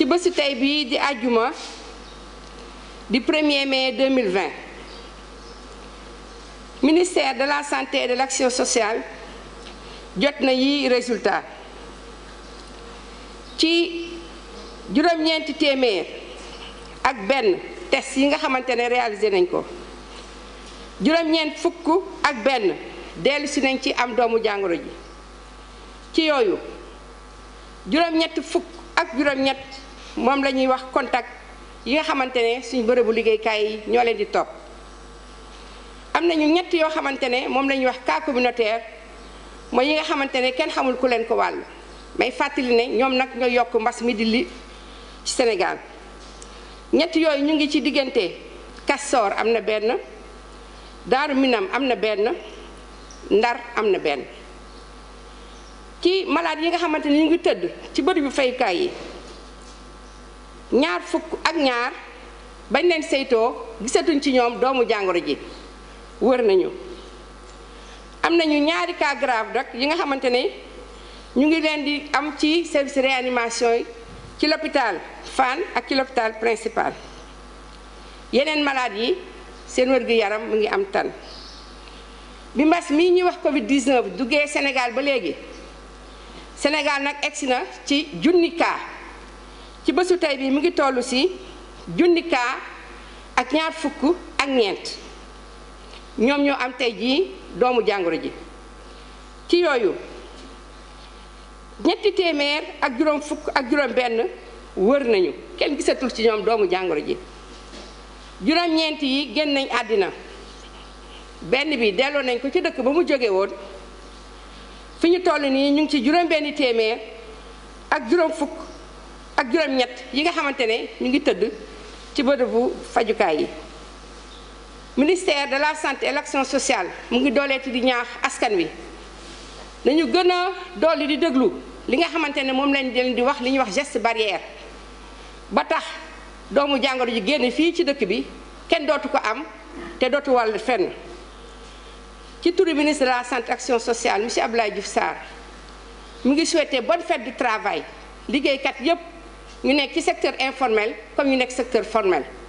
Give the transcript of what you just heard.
ci bésu tey bii di àjjuma di 1er mai 2020 ministère de la santé et de l'action sociale jot na yi résultat ci juróom-ñeenti téeméer ak benn test yi nga xamante ne réalisé nañ ko juróom-ñeent fukk ak benn dellu si nañ ci am doomu jàngoro ji ci yooyu juróom-ñett fukk ak juróom-ñett moom la ñuy wax contact yi nga xamante ne suñu bërëbu liggéeykaay yi ñoo leen di topp am nañu ñett yoo xamante ne moom lañuy ñuy wax cas communautaire mooy yi nga xamante ne kenn xamul ku leen ko wàll may fàttali ne ñoom nag ñoo yokk mbas mi di li ci senegal ñett yooyu ñu ngi ci diggante Castor am na benn Daaru Minam am na benn Ndar am na benn ci malaat yi nga xamante ne ñu ngi tëdd ci bërëbu fayukaay yi ñaar fukk ak ñaar bañ leen saytoo gisatuñ ci ñoom doomu jàngoro ji wër nañu am nañu ñaari cas grave rek yi nga xamante ñu ngi leen di am ci service réanimation kilopital ci l'hôpital Fann ak ci l'hôpital principal yeneen malade yi seen wér gu yaram mu ngi am tan bi mbas mii ñuy wax covid 19 duggee Sénégal ba léegi Sénégal nag egsi ci junni cas ci bésu tey bii mu ngi tollu ci junni kaa ak ñaar fukk ak ñeent ñoom ñoo am tey jii doomu jàngoro ji ci yooyu ñetti téeméer ak juróom fukk ak juróom benn wër nañu kenn gisatul ci ñoom doomu jàngoro ji juróom ñeent yi génn nañ àddina benn bi delloo nañ ko ci dëkk ba mu jóge woon fi ñu toll nii ñu ngi ci juróom benn téeméer ak juróom fukk ak juróom-ñett yi nga xamante ne ñu ngi tëdd ci bërëbu fajukaay yi ministère de la santé et l'action sociale mu ngi dooleeti di ñaax askan wi nañu gën a dolli di déglu li nga xamante ne moom lañ leen di wax li ñuy wax geste barrière ba tax doomu jàngoro ji génn fii ci dëkk bi kenn dootu ko am te dootu wàll fenn ci turu ministre de la santé action sociale monsieur Abdoulaye Diouf Sarr mu ngi souhaité bonne fête du travail liggéeykat yépp ñu nekk ci secteur informel comme ñu nekk secteur formel